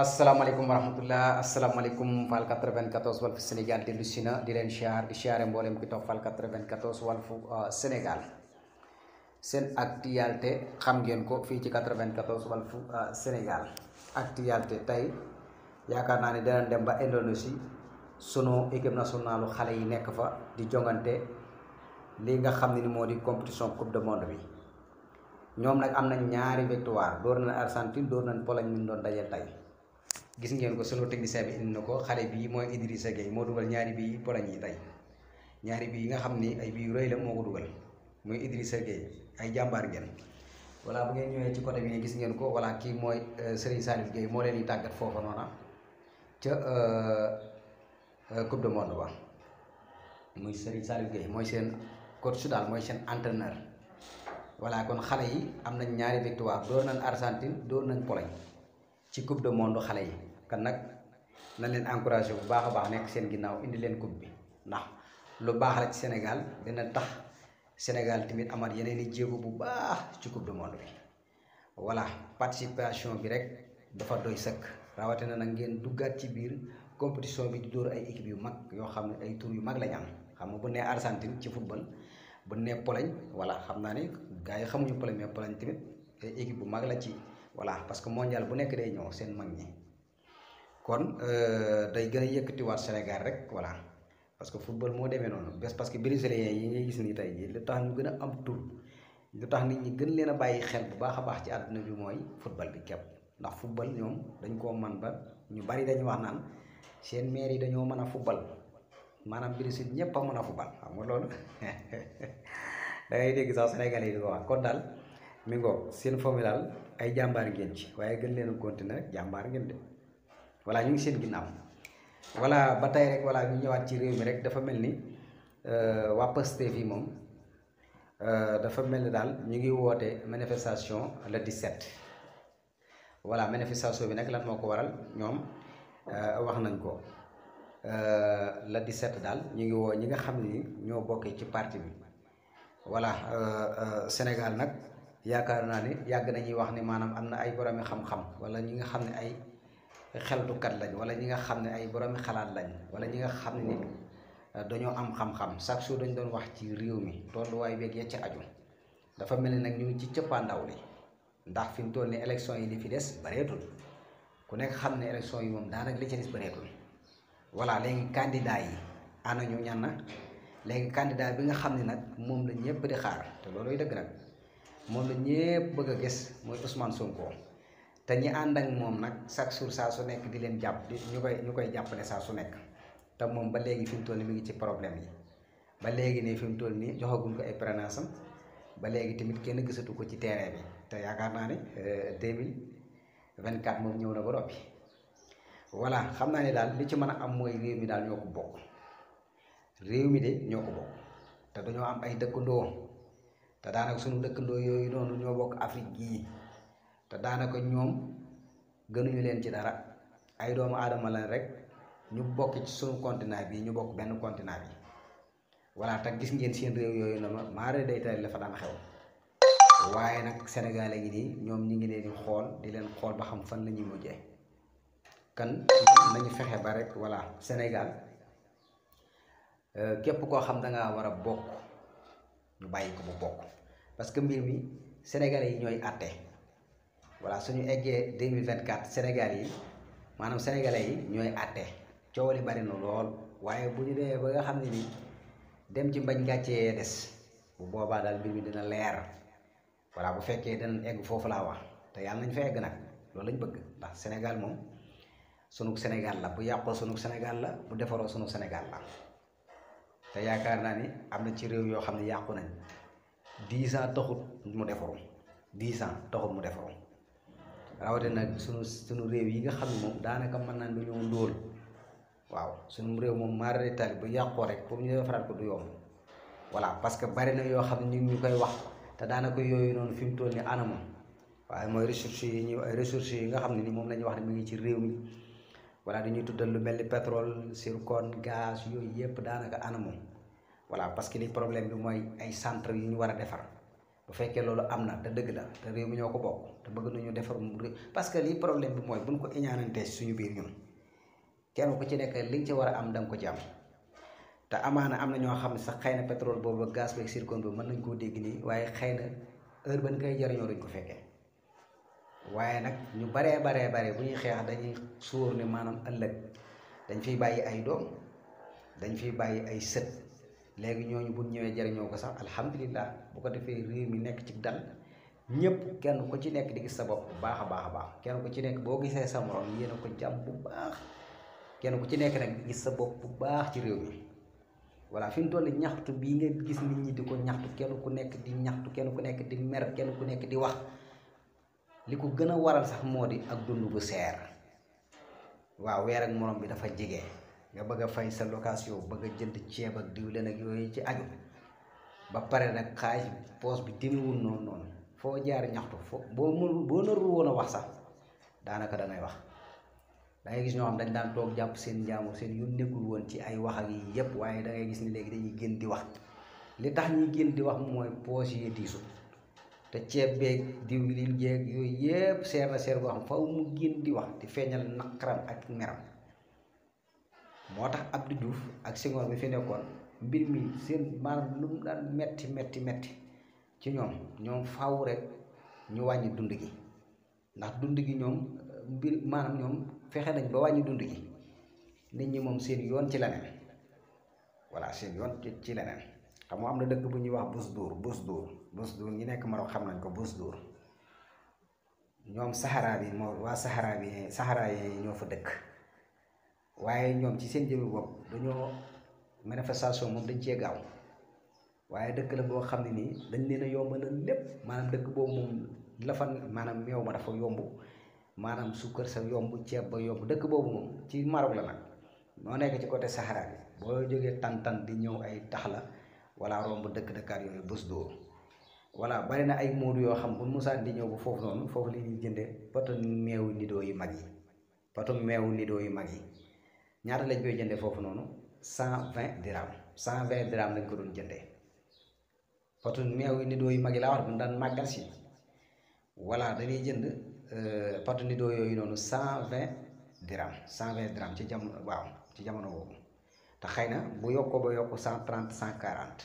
asalaamaaleykum wa rahmatullah asalaamaaleykum Fall 94 Walf Sénégal dellu si na di leen siyaar di siyaare mboolem ki toog Fall 94 Walf uh, Sénégal seen actualité xam ngeen ko fii ci 94 Walf uh, Sénégal actualité tey yaakaar naa ni danañ dem ba Indonésie sunu équipe nationale xale yi nekk fa di jongante li nga xam ne ni moo di compétition coupe du monde bi ñoom nag am na ñaari victoire door nañ Argentine door nañ Pologne ñu doon dajeel tey. gis ngeen ko sunu technicien bi indi na ko xale bi mooy Idrissa Gueye moo dugal ñaari bi bii poloñ yi tey ñaari bii yi nga xam ni ay bii yu rëy la moo ko dugal muy Idrissa Gueye ay jàmbaar ngeen. voilà bu ngeen ñëwee ci côté bi gis ngeen ko voilà kii mooy euh, Serigne Salif Gueye moo leen di tàggat foofa noona ca euh, euh, coupe du monde ba muy Serigne Salif mooy seen coach su mooy seen entraîneur voilà kon xale yi am nañ ñaari victoire door nañ Argentine door nañ Pologne. ci coupe de monde xale yi kan nag nañ leen encouragé bu baax a baax nekk seen ginnaaw indi leen coupe bi ndax lu baax la ci Sénégal dina tax Sénégal tamit amaat yeneen i jéego bu baax ci coupe de monde bi voilà participation bi rek dafa doy sëkk rawatina nag ngeen duggaat ci biir compétition bi di dóor ay équipe yu mag yoo xam ne ay tour yu mag lañ am xam nga bu nee Argentine ci football bu nee Pologne voilà xam naa ni gars yi xamuñu Pologne mais Pologne tamit ay bu mag la ci. voilà parce que mondial bu nekk day ñëw seen mag ñi kon euh, day gën a yëkkatiwaat Sénégal rek voilà parce que football moo demee noonu bés parce que brésiliens yi ngay gis ni tey lu tax ñu gën a am tur lu tax nit ñi gën leen a bàyyi xel bu baax a baax ci àdduna bi mooy football bi képp ndax football ñoom dañ koo man ba ñu bari dañu wax naan seen maire yi dañoo mën a football maanaam Brésil ñëpp a mën a football xam nga loolu da ngay dégg sax Sénégalais di ko wax kon daal. mi ngoo seen forme daal ay jàmbaar ngeen ci waaye gën leen a continuer rek jàmbaar ngeen de voilà ñu ngi seen ginnaaw voilà ba tey rek voilà ñu ñëwaat ci réew mi rek dafa mel ni euh, waa Pastef fii moom euh, dafa mel ni daal ñu ngi woote manifestation le 17 voilà manifestation bi nag lan moo ko waral ñoom euh, wax nañ ko la di 17 daal ñu ngi woo ñi nga xam ni ñoo bokkee ci partie bi voilà Sénégal nag. yaakaar naa ne yàgg nañuy wax ne maanaam am na ay boroomi xam-xam wala ñi nga xam ne ay xeltukat lañ wala ñi nga xam ne ay boroomi xalaat lañ wala ñi nga xam ne dañoo am xam-xam chaque jour dañ doon wax ci réew mi tolluwaay beeg ya ci aju dafa mel ni nag ñu ci ci cëppaandaw li ndax fi mu toll ni élection yi li fi des bareetul ku nekk xam ne élection yi moom daanaka li ci des bareetul voilà léegi candidat yi ana ñu ñan na léegi candidat bi nga xam ni nag moom la ñëpp di xaar te loolooy dëgg nag. moom la ñëpp bëgg a gis mooy Ousmane Sonko te ñi ànd ak moom nag chaque jour saa su nekk di leen jàpp di ñu koy ñu koy jàppale saa su nekk te moom ba léegi fi mu toll nii mi ngi ci problème yi ba léegi ne fi mu toll nii joxaguñ ko ay prénance ba léegi tamit kenn gisatu ko ci terrain bi te yaakaar naa ne 2024 euh, moom ñëw na ba noppi voilà xam naa ne daal li ci mën a am mooy réew mi daal ñoo ko bokk réew mi de ñoo ko bokk te dañoo am ay dëkkandoo. te daanaka suñu dëkkandoo yooyu noonu ñoo bokk Afrique gii te daanaka ñoom gënuñu leen ci dara ay doomu aadama lañ rek ñu bokk ci suñu continent bi ñu bokk benn continent bi voilà te gis ngeen seen réew yooyu na ma maare day tari la daan xew waaye nag Sénégal a ngi nii ñoom ñu ngi leen di xool di leen xool ba xam fan la ñuy mujjee kan nañu fexe ba rek voilà Sénégal euh, képp koo xam da war a bokk ñu bàyyi ko bu bokk parce que mbir mi sénégalais yi ñooy àtte voilà suñu eggee 2024 sénégal yi maanaam sénégalais yi ñooy àtte coow bari na lool waaye bu ñu demee ba nga xam ne ni dem ci mbañ gàccee des bu boobaa daal mbir mi dina leer voilà bu fekkee dana egg foofu laa wax te yàlla nañ fa egg nag loolu lañ bëgg ndax sénégal moom sunu Sénégal la bu yàqoo sunu Sénégal la bu defaroo sunu Sénégal la te yaakaar naa ni am na ci réew yoo xam ne yàqu nañ dix ans taxut mu defaru dix ans taxut mu defaru rawatina nag sunu sunu réew yi nga xam ne moom daanaka mën naan lu ñëw ndóol waaw sunu réew moom maarari tali bu yàqoo rek pour ñu defaraat ko du yomb voilà que bari na yoo xam ne ñu ngi koy wax te daanaka yooyu noonu fi mu toll ni anamam waaye mooy ressources yi ñuy ressources yi nga xam ne ni moom la ñuy wax ne mu ngi ci réew mi voilà dañuy tuddal lu mel ni pétrole zircon gaz yooyu yëpp daanaka anamu voilà parce que li problème bi mooy ay centre yu ñu war a defar bu fekkee loolu am na dëgg la te réew mi ñoo ko bokk te bëgg nañu defar mu parce que li problème bi mooy buñ ko iñaanantee suñu biir ñun kenn ku ci nekk liñ ci war a am da nga ko ci am te amaana am na ñoo xam ne sax xëy na pétrole boobu gaz beeg zircon bi mën nañ koo dégg nii waaye xëy na heure ban koy jariñoo duñ ko fekkee waaye nag ñu baree baree bare bu ñuy xeex dañuy suur ni maanaam ëllëg dañ fiy bàyyi ay doom dañ fiy bàyyi ay sët léegi ñooñu bu ñëwee jariñoo ko sax alhamdulilah bu ko defee réew mi nekk ci dal ñëpp kenn ku ci nekk di gis sa bopp bu baax a baax a baax kenn ku ci nekk boo gisee sa yéen ko jàmm bu baax kenn ku ci nekk nag gis sa bopp bu baax ci réew mi. voilà fi mu ñaxtu bii nga gis nit ñi di ko ñaxtu kenn ku nekk di ñaxtu kenn ku nekk di mer kenn ku nekk di wax. li ko gën a waral sax moo di ak dund bu seer waaw weer ak morom bi dafa jege nga bëgg a fay sa location bëgg a jënd ceeb ak diwlin ak yooyu ci aju ba pare nag xaaj poos bi demewul noonu noonu foo jaar ñaxtu foo boo mënul boo narul woon a wax sax daanaka da wax da gis ñoo xam dañ daan toog jàpp seen njaamu seen yoon nekkul woon ci ay wax ak yi yëpp waaye dangay gis ni léegi dañuy génn di wax li tax ñuy gën di wax mooy poos yi diisu. te ceeb beeg diw jeeg yooyu yépp seer na seer goo faw mu génn di wax di feeñal naqaram ak meram moo tax Abdou Diouf ak Senghor bi fi nekkoon mbir mi seen maanaam lu mu daan metti metti metti ci ñoom ñoom faw rek ñu wàññi dund gi ndax dund gi ñoom mbir maanaam ñoom fexe nañ ba wàññi dund gi nit ñi moom seen yoon ci leneen voilà seen yoon ci leneen xam am na dëkk bu ñuy wax Bousdour Bousdour Bousdour ñu nekk Maroc xam nañ ko Bousdour ñoom Sahara bi moo waa saxaraa bi saxaraa yi ñoo fa dëkk waaye ñoom ci seen jëmmi bopp dañoo manifestation moom dañ cee gaaw waaye dëkk la boo xam ne nii dañ leen a yombalal lépp maanaam dëkk boobu moom maanaam meew ma dafa yomb maanaam suukar sa yomb ceeb ba yomb dëkk boobu moom ci Maroc la nag moo nekk ci côté Sahara bi boo jógee Tantan di ñëw ay tax la wala bu dëkk-dëkkaat yooyu bés doo voilà bari na ay moodu yoo xam bu musaan di ñëw ba foofu noonu foofu li ñuy jënde pato meewu nidoo yu mag yi pato meewu yu mag ñaata lañ koy jënde foofu noonu cent vingt dirham cent vingt ko doon jëndee pato meewu nidoo yu mag yi laa wax bu daan màggal si voilà dañuy jënd euh, pato nidoo yooyu noonu cent vingt dirham cent vingt dirham ci jamono waaw ci jamono boobu te xëy na bu yokkoo ba yokk cent cent quarante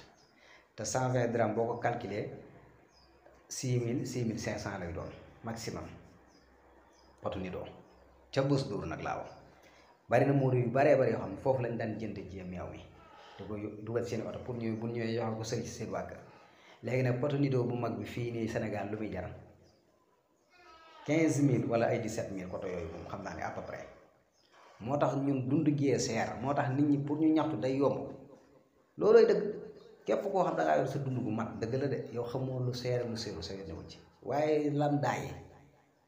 te cent vingt dram boo ko calculer six mille six mille cinq cent lay doon maximum potu ni ca bës dóor nag laa wax bari na muur yu baree bari yoo xam ne foofu lañ daan jënd jee meew mi di ko dugal seen oto pour ñu bu ñëwee yoxal ko sëriñ si seen waa kër léegi bu mag bi fii nii Sénégal lu muy jaram quinze mille wala ay dix sept mille oto yooyu moom xam naa ne à peu moo tax ñun dund gee seer moo tax nit ñi pour ñu ñaxtu day yomb loolooy dëgg képp ko xam da ngaa yor sa dund bu mat dëgg la de yow xamoo lu seer lu seeru sa yoon ci waaye lan daay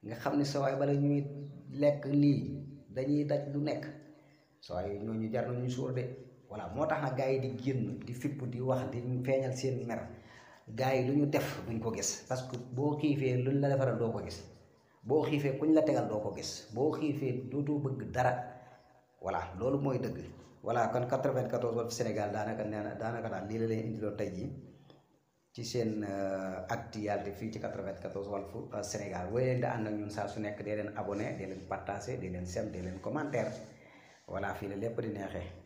nga xam ne sa waay bala ñuy lekk lii dañuy daj lu nekk sa waay ñooñu jar nañu suur de voilà moo tax nag gars yi di génn di fipp di wax di feeñal seen mer gars yi lu ñu def duñ ko gis parce que boo xiifee luñ la defaral doo ko gis boo xiifee kuñ la tegal doo ko gis boo xiifee dootoo bëgg dara. voilà loolu mooy dëgg voilà kon 94 Walf Sénégal daanaka nee na daanaka daal lii la leen indiloon tey jii ci seen euh, actualité fii ci 94 Walf euh, Sénégal wooy leen di na ak ñun saa su nekk dee leen abonné dee leen partagé dee leen sem dee leen commentaire voilà fii la lépp di neexee